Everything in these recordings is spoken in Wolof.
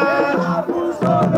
Abuso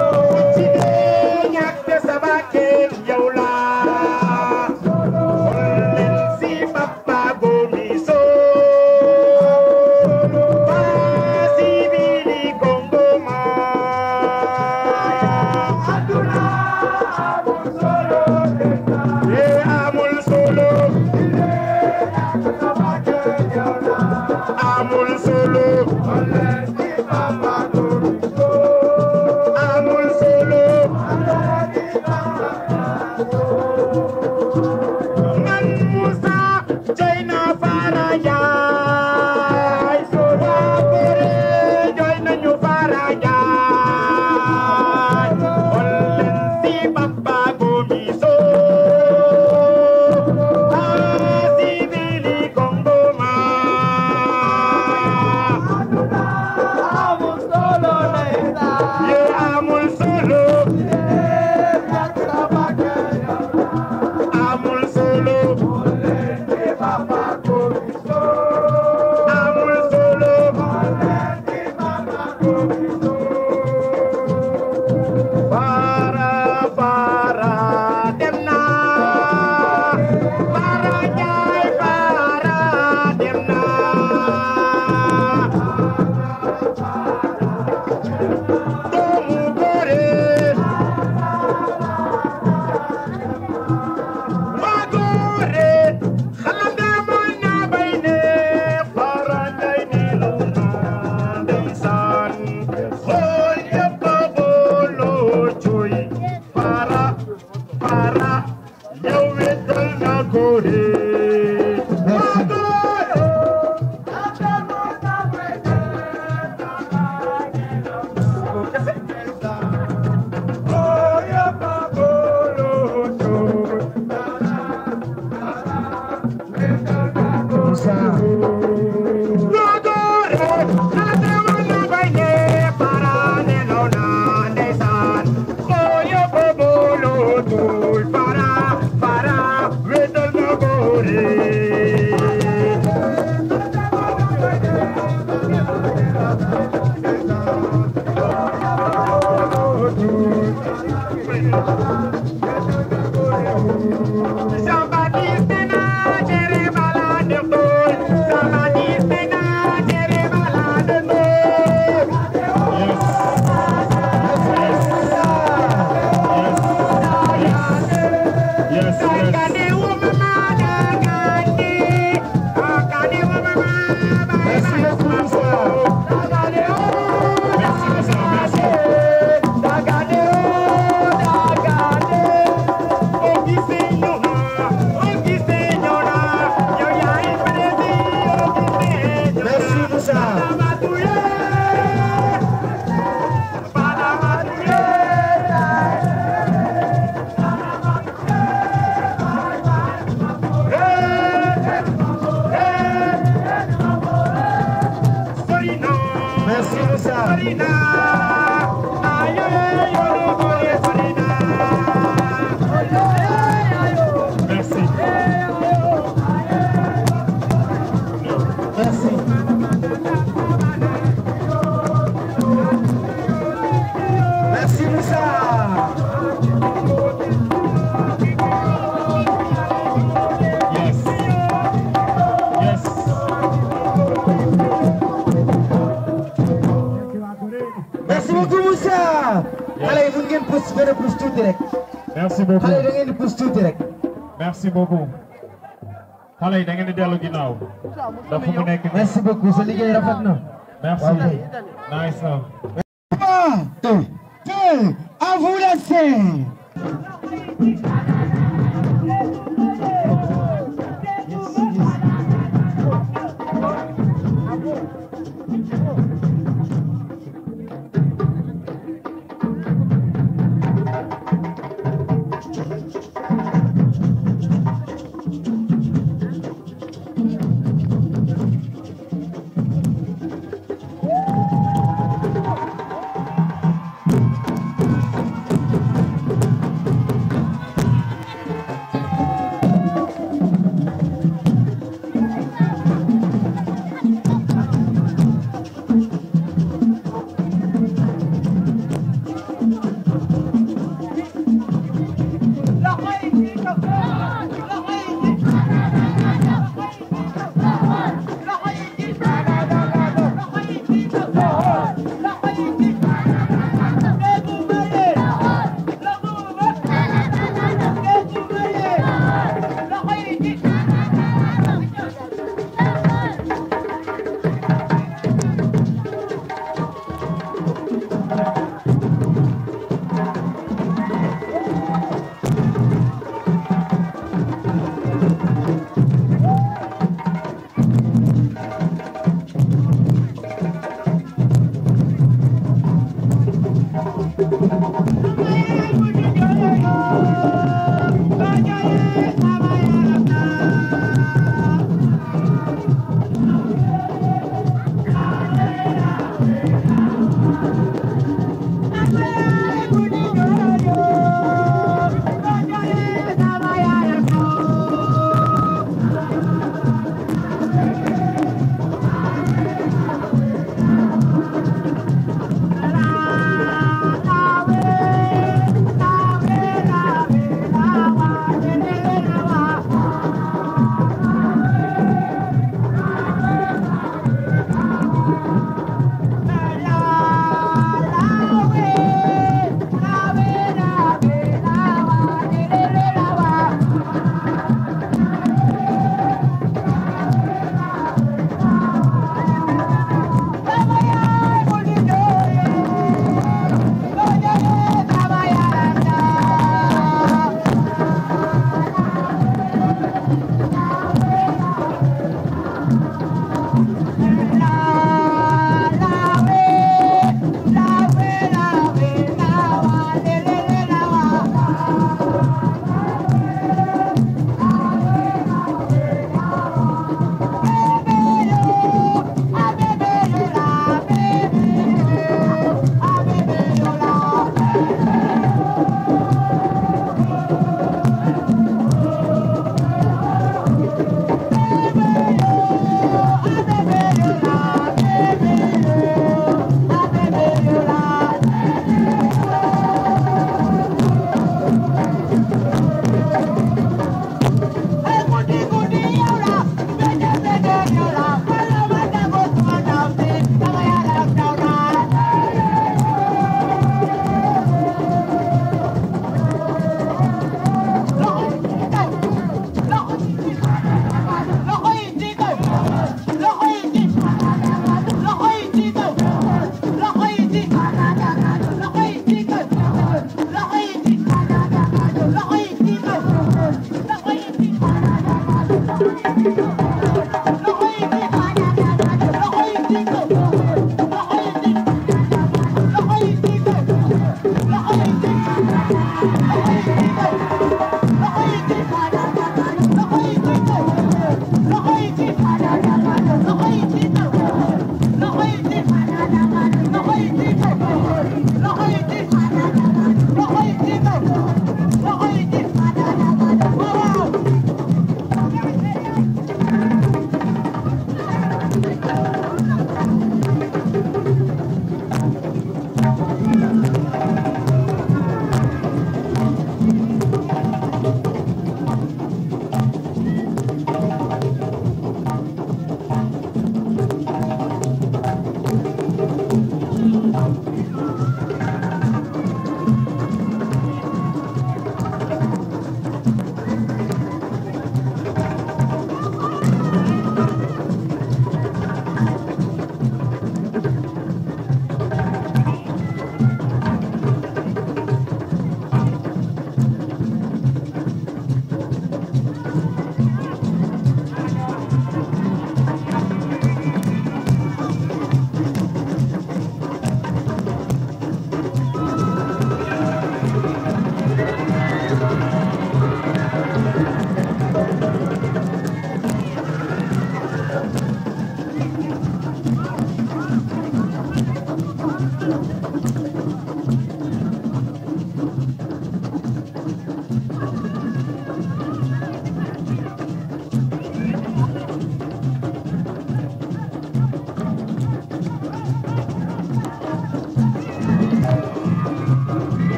merci beaucoup. xale yi da ngeen di dellu ginnaaw. dafa mu nekk merci beaucoup sa liggéey rafet na. merci nice. À vous laisser.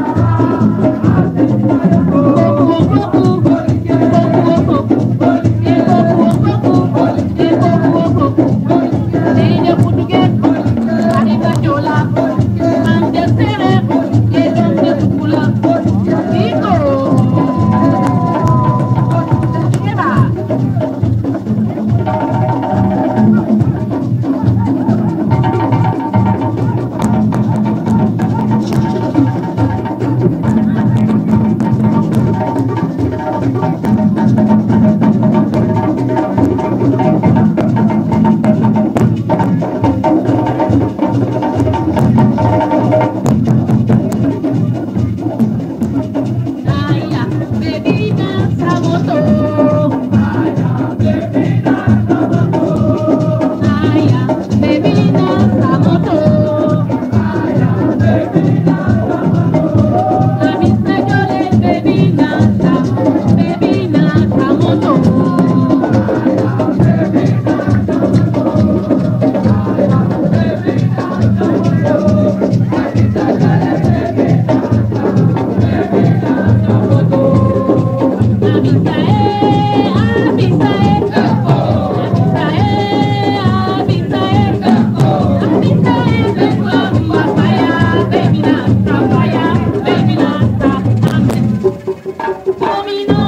Thank you.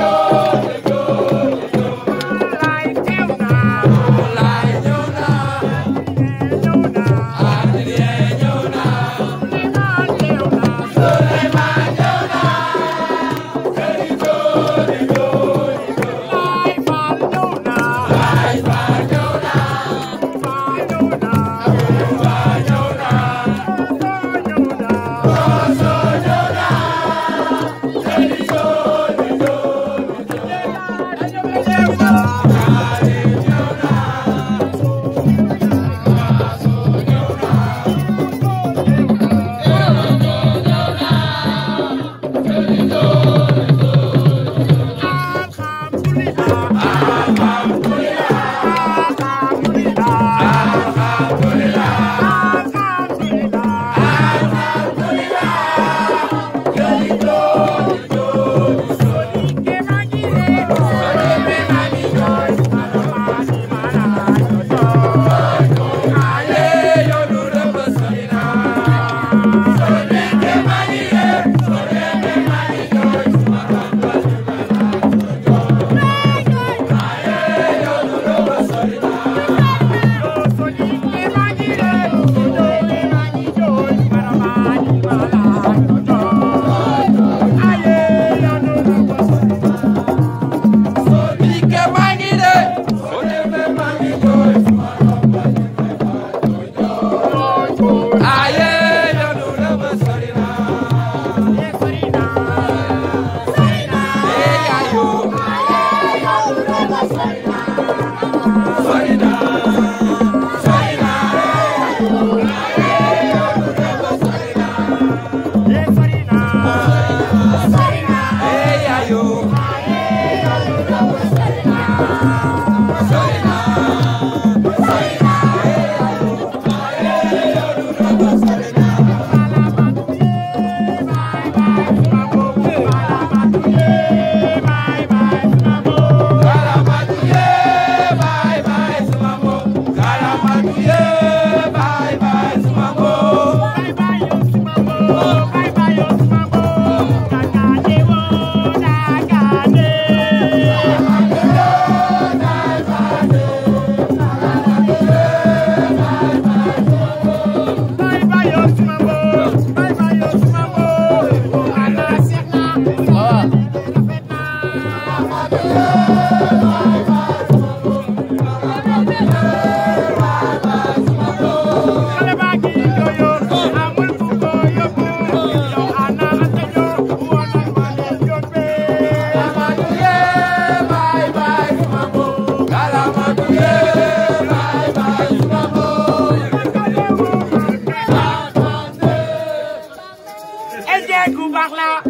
Lord. Ese Gubarla.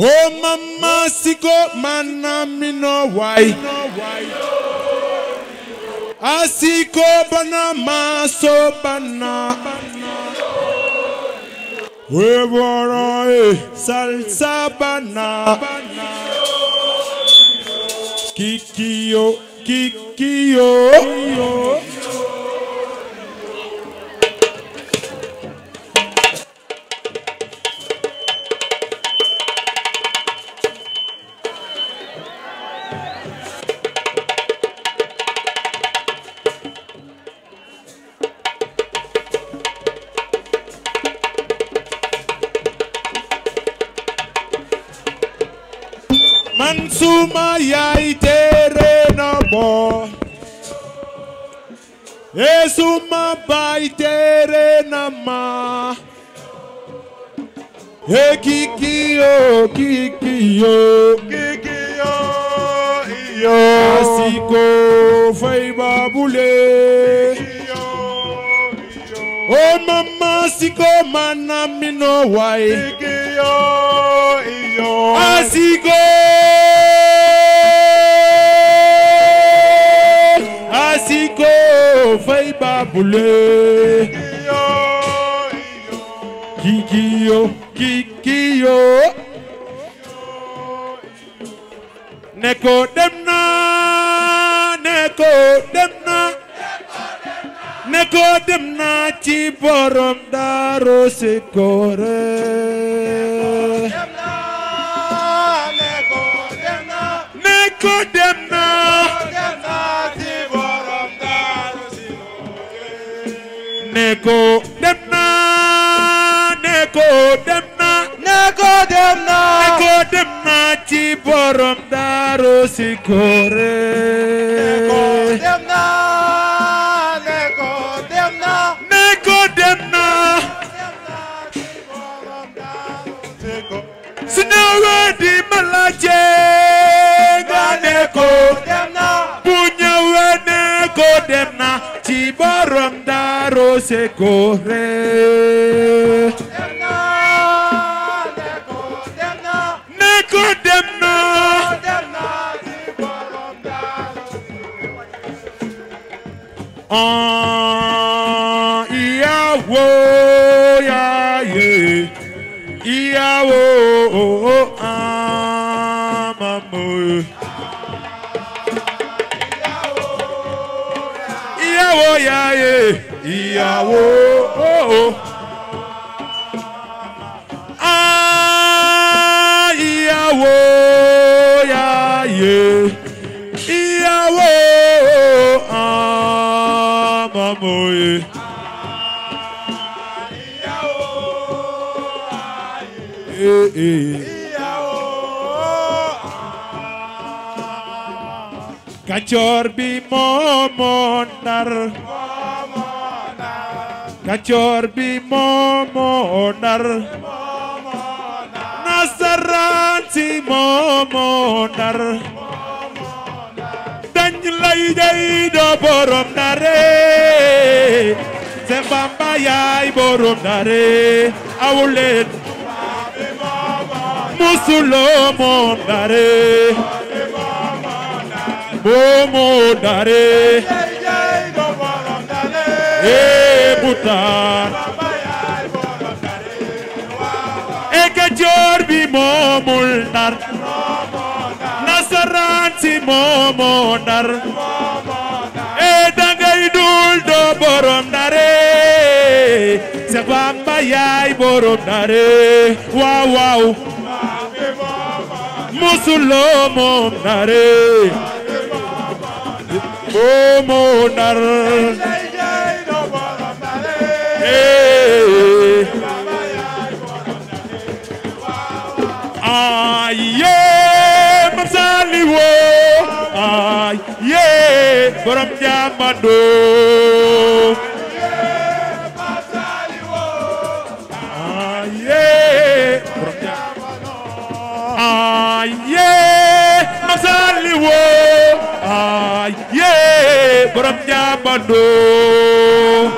o mama sigo mana mino wai asiko bana maso bana weboro e salsa bana kikiyo kikiyo. kikiyo. ìtẹ̀rẹ̀ náà máa. Ekiki yo, kikio. iyo. Àsìkò fẹ́ ìbábúlé. Ó mama àsìkò mana ná mi náà wáyé. iyo. Àsìkò. o fay babule kikiyo kikiyo ne ko dem na ne ko dem na ne ko dem na ci borom daaro se koore ne ko dem ne ko dem ci borom daaru si koore ne ko dem ne ko dem naa ne ko dem naa su ñëwee di ma laajte ne ko dem naa bu ñëwee ne ko dem Tiborom daro se kore. Neko demna. demna. ìyàwó yáyé ìyàwó. kacoor bi moomoo nar kacoor bi moomoo nar nasaraan si moomoo nar dañ lay jey doo borom nare seen bamba yaay borom nare awuleen musuloo moom nare bomo dare ebuta ekejor bi momo dar, nasaran si momo dar, eh dangay dul do borom dare sebamba bamba borom dare waaw waaw musulo mom dare moo nar eh. ay yee mam saali woo ay yee borom jaamandoo gbọ́dọ̀. Gbọ́dọ̀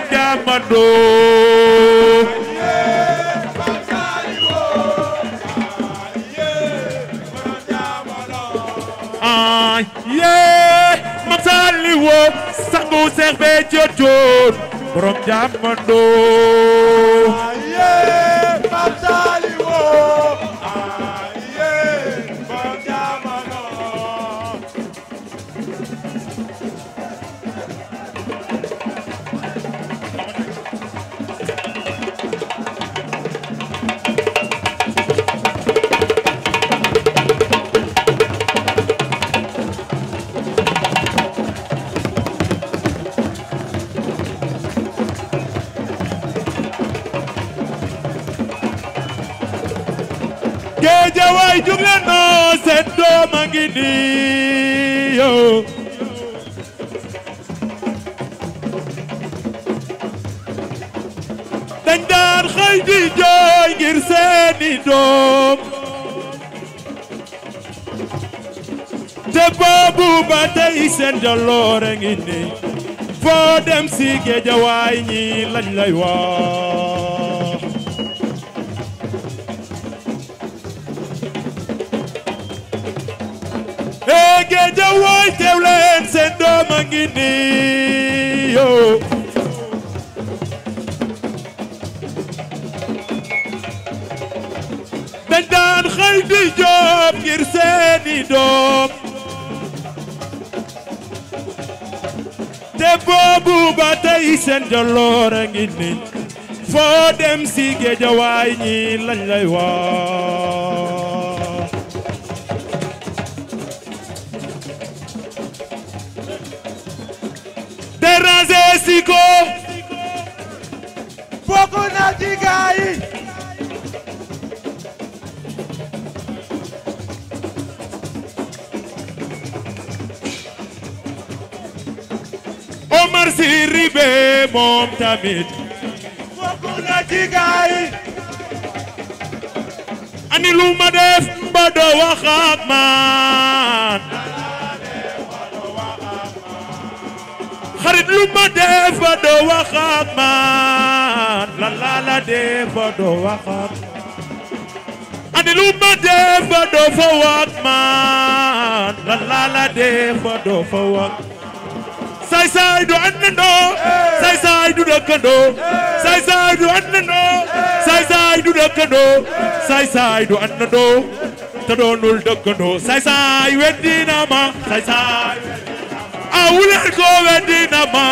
ń bí a mọ̀ dùn. जान चामुंडो yoo dañ daan xëy di jooy ngir seeni doom te boobu ba tey seen jaloore ngi nii foo dem si géejawaay ñi lañ lay wax way teew leen seen doom a ngi nii yo dañ daan xëy di joob ngir seeni doom te boobu ba tey seen jolloor ngi nii foo dem si géejawaay ñi lañ lay ci gaay Omar Sy Ribe moom tamit ani lu ma def ba doo wax ak xarit lu ma def ba doo wax ak ani lu ma def ba doo fa waat man lan ba doo fa saay saay du àndandoo saay saay du dëkkandoo saay saay du àndandoo saay saay saay saay weddi na ma saay saay awuleen ko weddi na ma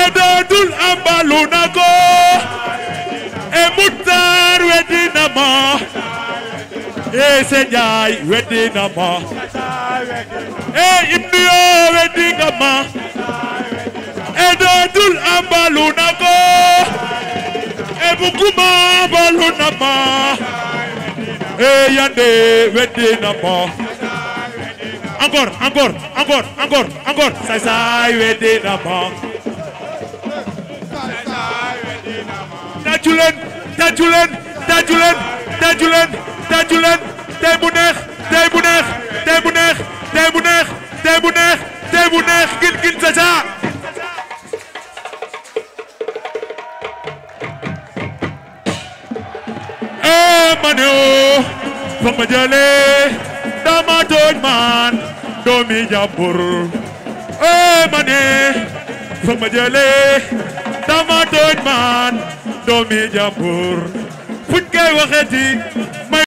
edodul ambalu na ko e Muxtaar weddi na ma e Senjaay weddi na ma e Ibnu Yoo weddi nga ma edodul ambalu na ko e Bukuma ambalu na ma e Yande weddi na ma encore encore encore encore encore saay saay weddi na ma tàccu leen tàccu leen tàccu leen tàccu leen tàccu leen tey bu neex tey bu neex tey bu neex tey bu neex tey bu neex tey bu neex Guin Guin Sacha eh man yoo foog ma jëlee dama tooñ man doomi jàmbur eh man eh foog ma jëlee dama doon maan doomi jàmbur fuñ koy waxeeti